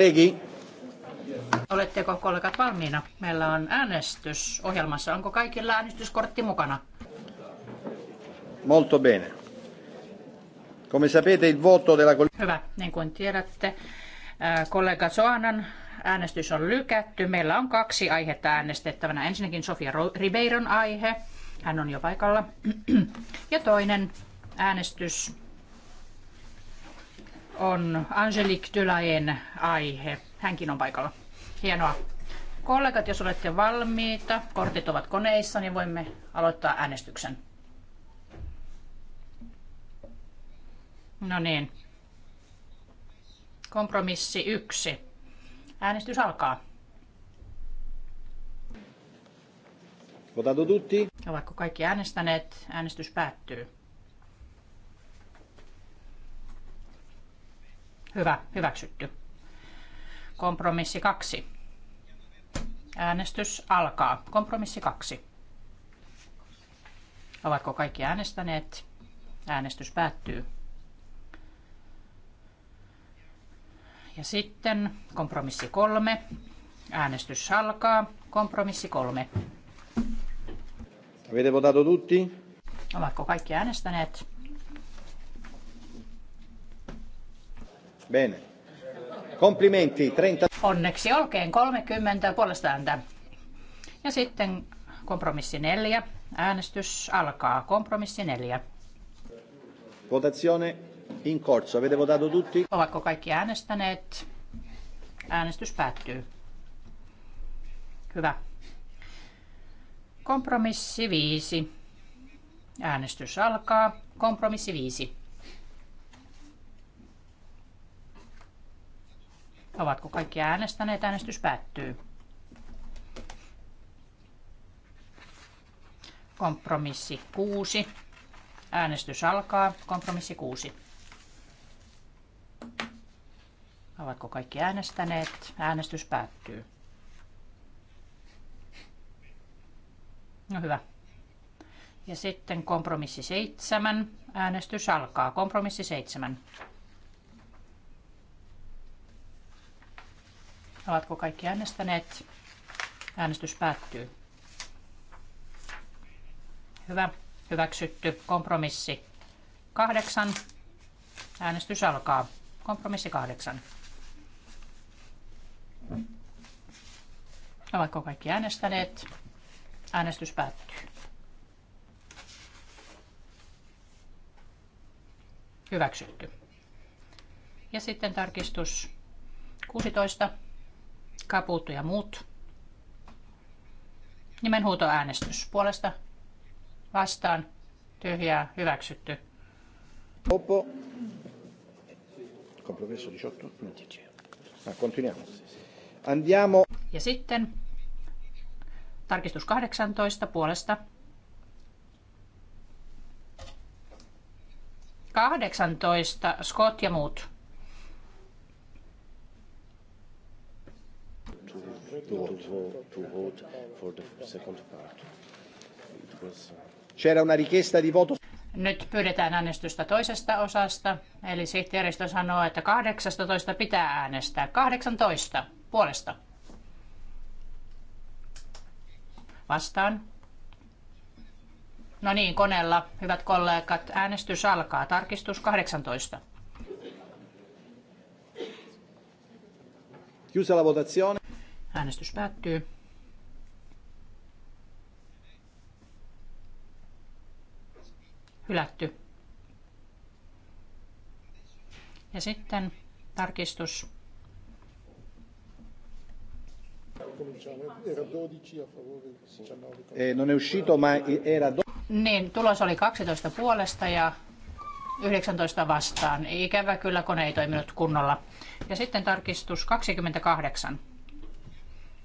Kolegi. Oletteko kollegat valmiina? Meillä on äänestys ohjelmassa. Onko kaikilla äänestyskortti mukana? Molto bene. Come sapete il voto della Hyvä, niin kuin tiedätte, äh, kollega Soanan äänestys on lykätty. Meillä on kaksi aihetta äänestettävänä. Ensinnäkin Sofia Ribeiron aihe, hän on jo paikalla. Ja toinen äänestys on Angelique Dylaen aihe. Hänkin on paikalla. Hienoa. Kollegat, jos olette valmiita, kortit ovat koneissa, niin voimme aloittaa äänestyksen. No niin. Kompromissi yksi. Äänestys alkaa. Votato tutti? Ovatko kaikki äänestäneet? Äänestys päättyy. Hyvä, hyväksytty. Kompromissi kaksi. Äänestys alkaa. Kompromissi kaksi. Ovatko kaikki äänestäneet? Äänestys päättyy. Ja sitten kompromissi kolme. Äänestys alkaa. Kompromissi kolme. Avete votato tutti? Ovatko kaikki äänestäneet? Bene. Komplimentti. 30. Onneksi olkeen 30 puolesta ääntä. Ja sitten kompromissi 4. Äänestys alkaa. Kompromissi 4. Votazione in corso. Avete votato tutti? Ovatko kaikki äänestäneet? Äänestys päättyy. Hyvä. Kompromissi 5. Äänestys alkaa. Kompromissi 5. Ovatko kaikki äänestäneet? Äänestys päättyy. Kompromissi 6. Äänestys alkaa. Kompromissi 6. Ovatko kaikki äänestäneet? Äänestys päättyy. No hyvä. Ja sitten kompromissi 7. Äänestys alkaa. Kompromissi 7. Ovatko kaikki äänestäneet? Äänestys päättyy. Hyvä. Hyväksytty. Kompromissi kahdeksan. Äänestys alkaa. Kompromissi kahdeksan. Ovatko kaikki äänestäneet? Äänestys päättyy. Hyväksytty. Ja sitten tarkistus 16. Kaputo ja muut. Nimenhuutoäänestys puolesta. Vastaan. Tyhjää. Hyväksytty. Oppo. Compromesso 18. Ah, continuiamo. Andiamo. Ja sitten tarkistus 18 puolesta. 18 Scott ja muut. to vote, to vote for the second part. It was... Uh, C'era una richiesta di voto. Nyt pyydetään äänestystä toisesta osasta, eli sihteeristö sanoo, että 18 pitää äänestää. 18 puolesta. Vastaan. No niin, koneella, hyvät kollegat, äänestys alkaa. Tarkistus 18. Chiusa la votazione. Äänestys päättyy. Hylätty. Ja sitten tarkistus. Eh, niin, tulos oli 12 puolesta ja 19 vastaan. Ikävä kyllä kone ei toiminut kunnolla. Ja sitten tarkistus 28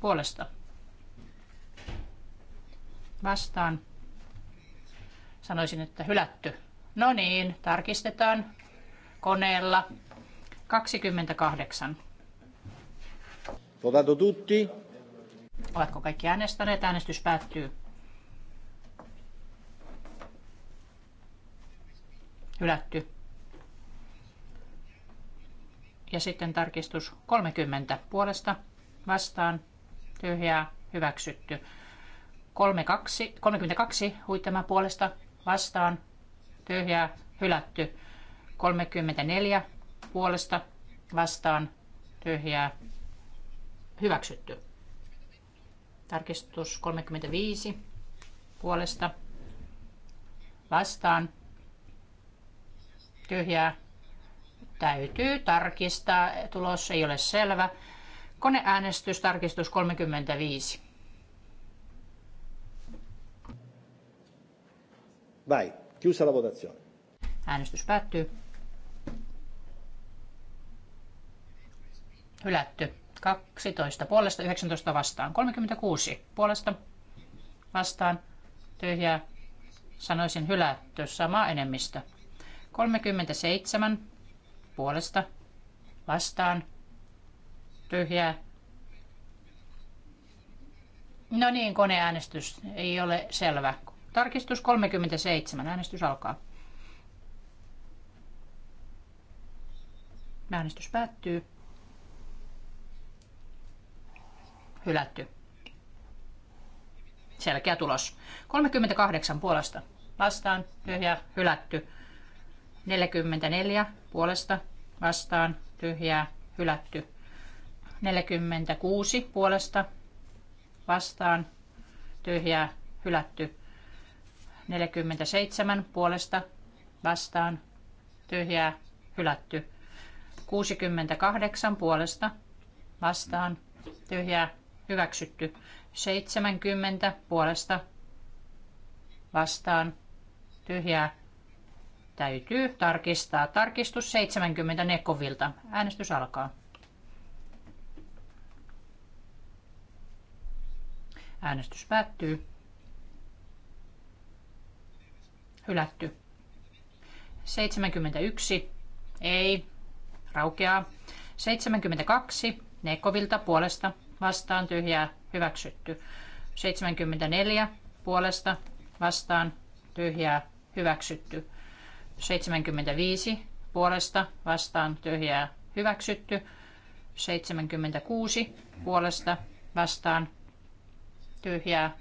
puolesta. Vastaan. Sanoisin, että hylätty. No niin, tarkistetaan koneella. 28. Votato tutti. Ovatko kaikki äänestäneet? Äänestys päättyy. Hylätty. Ja sitten tarkistus 30 puolesta vastaan tyhjää hyväksytty. 32, 32 huittama puolesta vastaan tyhjää hylätty. 34 puolesta vastaan tyhjää hyväksytty. Tarkistus 35 puolesta vastaan tyhjää täytyy tarkistaa. Tulos ei ole selvä. Koneäänestys, tarkistus 35. Vai, chiusa la votazione. Äänestys päättyy. Hylätty. 12 puolesta, 19 vastaan. 36 puolesta vastaan. Tyhjää. Sanoisin hylätty. Sama enemmistö. 37 puolesta vastaan Tyhjää. No niin, koneäänestys ei ole selvä. Tarkistus 37. Äänestys alkaa. Äänestys päättyy. Hylätty. Selkeä tulos. 38 puolesta. Vastaan. tyhjä Hylätty. 44 puolesta. Vastaan. Tyhjää. Hylätty. 46 puolesta vastaan tyhjää hylätty. 47 puolesta vastaan tyhjää hylätty. 68 puolesta vastaan tyhjää hyväksytty. 70 puolesta vastaan tyhjää täytyy tarkistaa. Tarkistus 70 Nekovilta. Äänestys alkaa. Äänestys päättyy. Hylätty. 71. Ei. Raukeaa. 72. Nekovilta puolesta. Vastaan tyhjää. Hyväksytty. 74. Puolesta. Vastaan tyhjää. Hyväksytty. 75. Puolesta. Vastaan tyhjää. Hyväksytty. 76. Puolesta. Vastaan tyhjää.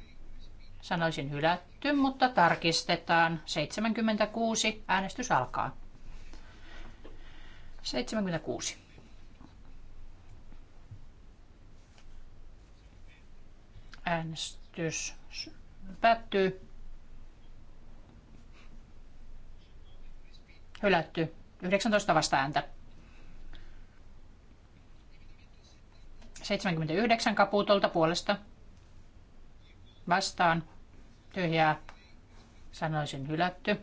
Sanoisin hylätty, mutta tarkistetaan. 76. Äänestys alkaa. 76. Äänestys päättyy. Hylätty. 19 vasta ääntä. 79 kapuutolta puolesta vastaan, tyhjää, sanoisin hylätty.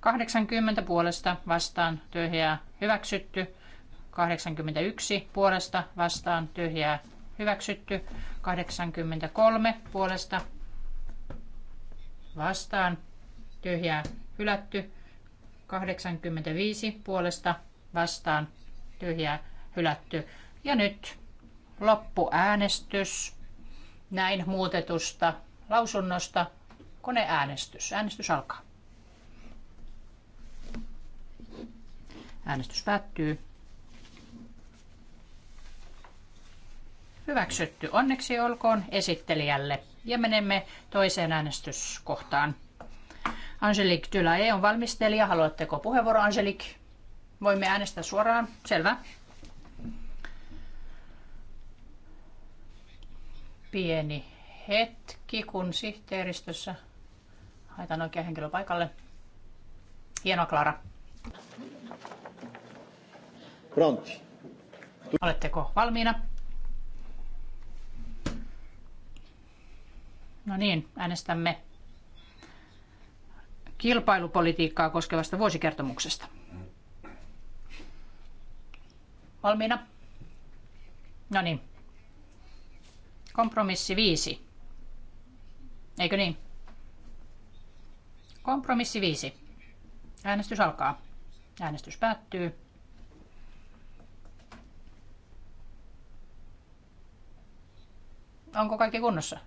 80 puolesta vastaan, tyhjää, hyväksytty. 81 puolesta vastaan, tyhjää, hyväksytty. 83 puolesta vastaan, tyhjää, hylätty. 85 puolesta vastaan, tyhjää, hylätty. Ja nyt loppuäänestys näin muutetusta lausunnosta koneäänestys. Äänestys alkaa. Äänestys päättyy. Hyväksytty. Onneksi olkoon esittelijälle. Ja menemme toiseen äänestyskohtaan. Angelique Dylae on valmistelija. Haluatteko puheenvuoro, Angelique? Voimme äänestää suoraan. Selvä. pieni hetki, kun sihteeristössä haetaan oikea henkilö paikalle. Hienoa, Klara. Pronti. Oletteko valmiina? No niin, äänestämme kilpailupolitiikkaa koskevasta vuosikertomuksesta. Valmiina? No niin, Kompromissi viisi. Eikö niin? Kompromissi viisi. Äänestys alkaa. Äänestys päättyy. Onko kaikki kunnossa?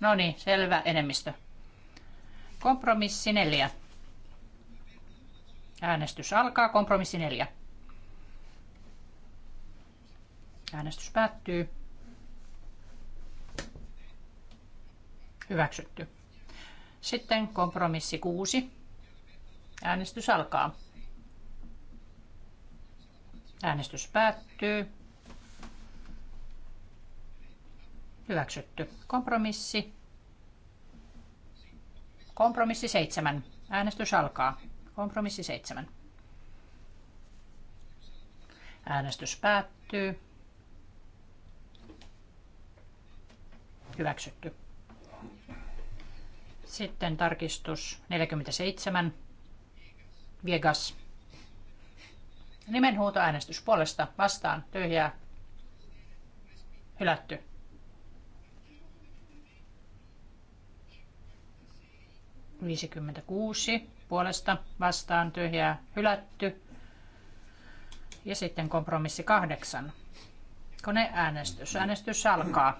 No niin, selvä enemmistö. Kompromissi neljä. Äänestys alkaa. Kompromissi neljä. Äänestys päättyy. Hyväksytty. Sitten kompromissi 6. Äänestys alkaa. Äänestys päättyy. Hyväksytty. Kompromissi. Kompromissi 7. Äänestys alkaa. Kompromissi 7. Äänestys päättyy. Hyväksytty. Sitten tarkistus 47. Viegas. Nimenhuuto äänestys puolesta vastaan tyhjää hylätty. Viisikymmentäkuusi puolesta vastaan tyhjää hylätty. Ja sitten kompromissi kahdeksan. Koneäänestys. Äänestys alkaa.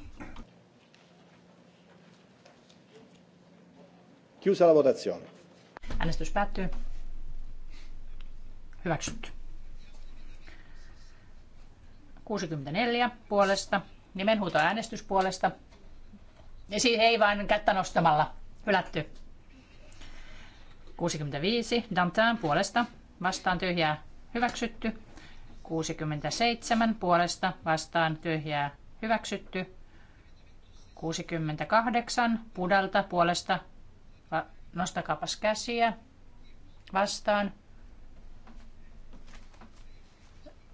Chiusa la votazione. Äänestys päättyy. Hyväksytty. 64 puolesta. Nimenhuuto äänestys puolesta. ei vain kättä nostamalla. Hylätty. 65 Dantin puolesta. Vastaan tyhjää. Hyväksytty. 67 puolesta. Vastaan tyhjää. Hyväksytty. 68 Pudalta puolesta Nostakaapas käsiä vastaan.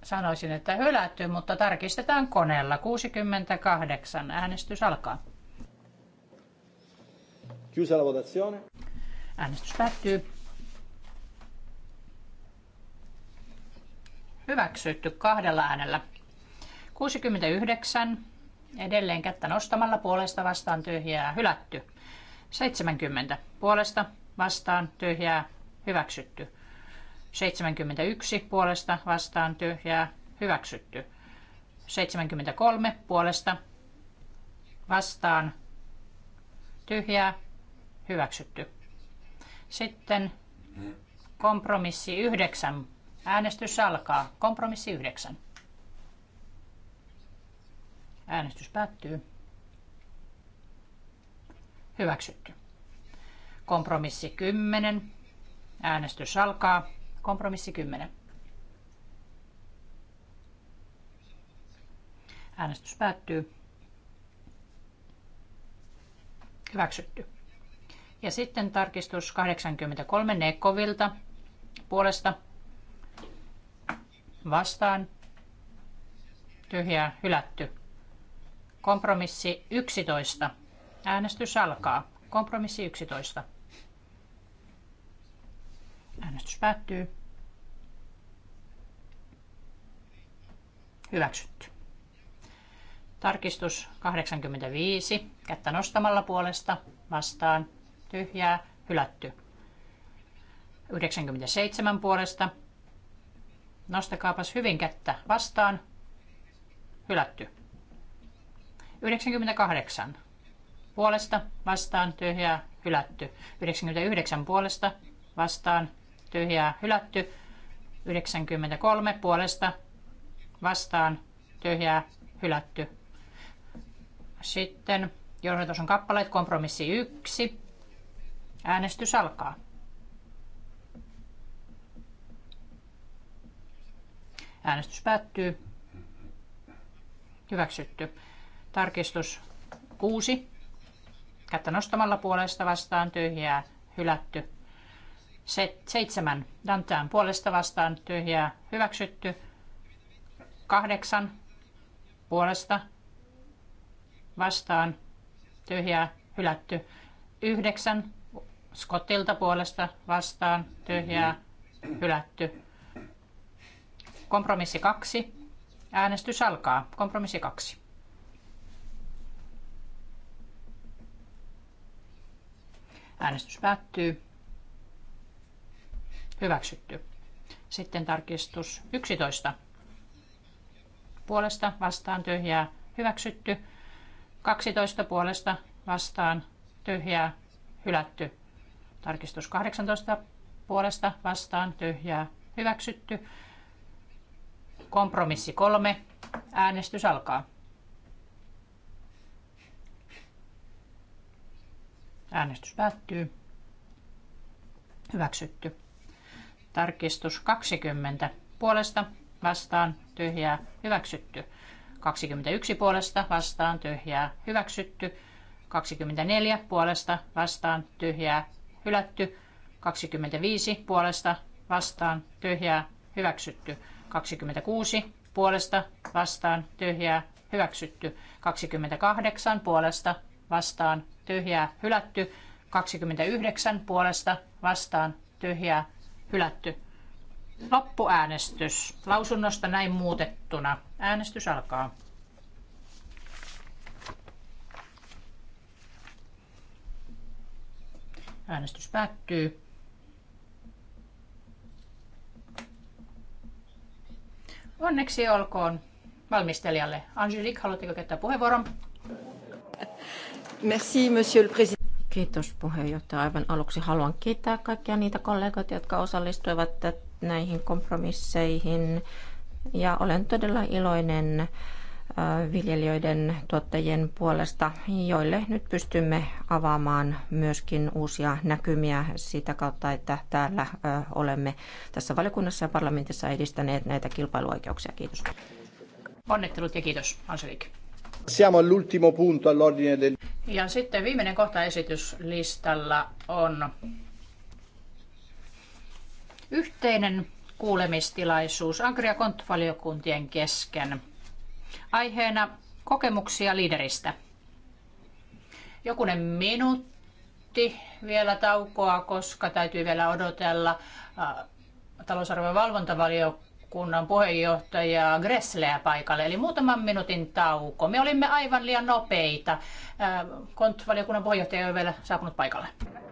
Sanoisin, että hylätty, mutta tarkistetaan koneella. 68. Äänestys alkaa. Chiusa la votazione. Äänestys päättyy. Hyväksytty kahdella äänellä. 69. Edelleen kättä nostamalla puolesta vastaan tyhjää hylätty. 70 puolesta vastaan tyhjää hyväksytty. 71 puolesta vastaan tyhjää hyväksytty. 73 puolesta vastaan tyhjää hyväksytty. Sitten kompromissi 9. Äänestys alkaa. Kompromissi 9. Äänestys päättyy. Hyväksytty. Kompromissi 10. Äänestys alkaa. Kompromissi 10. Äänestys päättyy. Hyväksytty. Ja sitten tarkistus 83 Nekovilta puolesta vastaan. Tyhjää hylätty. Kompromissi 11 Äänestys alkaa. Kompromissi 11. Äänestys päättyy. Hyväksytty. Tarkistus 85. Kättä nostamalla puolesta vastaan. Tyhjää. Hylätty. 97 puolesta. Nostakaapas hyvin kättä vastaan. Hylätty. 98 puolesta vastaan tyhjää hylätty. 99 puolesta vastaan tyhjää hylätty. 93 puolesta vastaan tyhjää hylätty. Sitten johdatus on kappaleet, kompromissi 1. Äänestys alkaa. Äänestys päättyy. Hyväksytty. Tarkistus 6 Kättä nostamalla puolesta vastaan tyhjää hylätty. Se, seitsemän Dantean puolesta vastaan tyhjää hyväksytty. Kahdeksan puolesta vastaan tyhjää hylätty. Yhdeksän Scottilta puolesta vastaan tyhjää hylätty. Kompromissi kaksi Äänestys alkaa. Kompromissi kaksi Äänestys päättyy. Hyväksytty. Sitten tarkistus 11. Puolesta vastaan tyhjää. Hyväksytty. 12 puolesta vastaan tyhjää. Hylätty. Tarkistus 18 puolesta vastaan tyhjää. Hyväksytty. Kompromissi 3. Äänestys alkaa. Äänestys päättyy. Hyväksytty. Tarkistus 20 puolesta vastaan tyhjää hyväksytty. 21 puolesta vastaan tyhjää hyväksytty. 24 puolesta vastaan tyhjää hylätty. 25 puolesta vastaan tyhjää hyväksytty. 26 puolesta vastaan tyhjää hyväksytty. 28 puolesta vastaan tyhjää hylätty. 29 puolesta vastaan tyhjää hylätty. Loppuäänestys lausunnosta näin muutettuna. Äänestys alkaa. Äänestys päättyy. Onneksi olkoon valmistelijalle. Angelique, haluatteko käyttää puheenvuoron? Merci, monsieur le président. Kiitos puheenjohtaja. Aivan aluksi haluan kiittää kaikkia niitä kollegoita, jotka osallistuivat näihin kompromisseihin. Ja olen todella iloinen äh, viljelijöiden tuottajien puolesta, joille nyt pystymme avaamaan myöskin uusia näkymiä sitä kautta, että täällä äh, olemme tässä valiokunnassa ja parlamentissa edistäneet näitä kilpailuoikeuksia. Kiitos. Onnittelut ja kiitos, Angelique. Siamo all'ultimo punto all'ordine del... Ja sitten viimeinen kohta esityslistalla on yhteinen kuulemistilaisuus Agri- ja kontvaliokuntien kesken. Aiheena kokemuksia liideristä. Jokunen minuutti vielä taukoa, koska täytyy vielä odotella äh, talousarvon valvontavaliokunnan kunnan puheenjohtaja Gressleä paikalle, eli muutaman minuutin tauko. Me olimme aivan liian nopeita. Äh, Kont-valiokunnan puheenjohtaja ei ole vielä saapunut paikalle.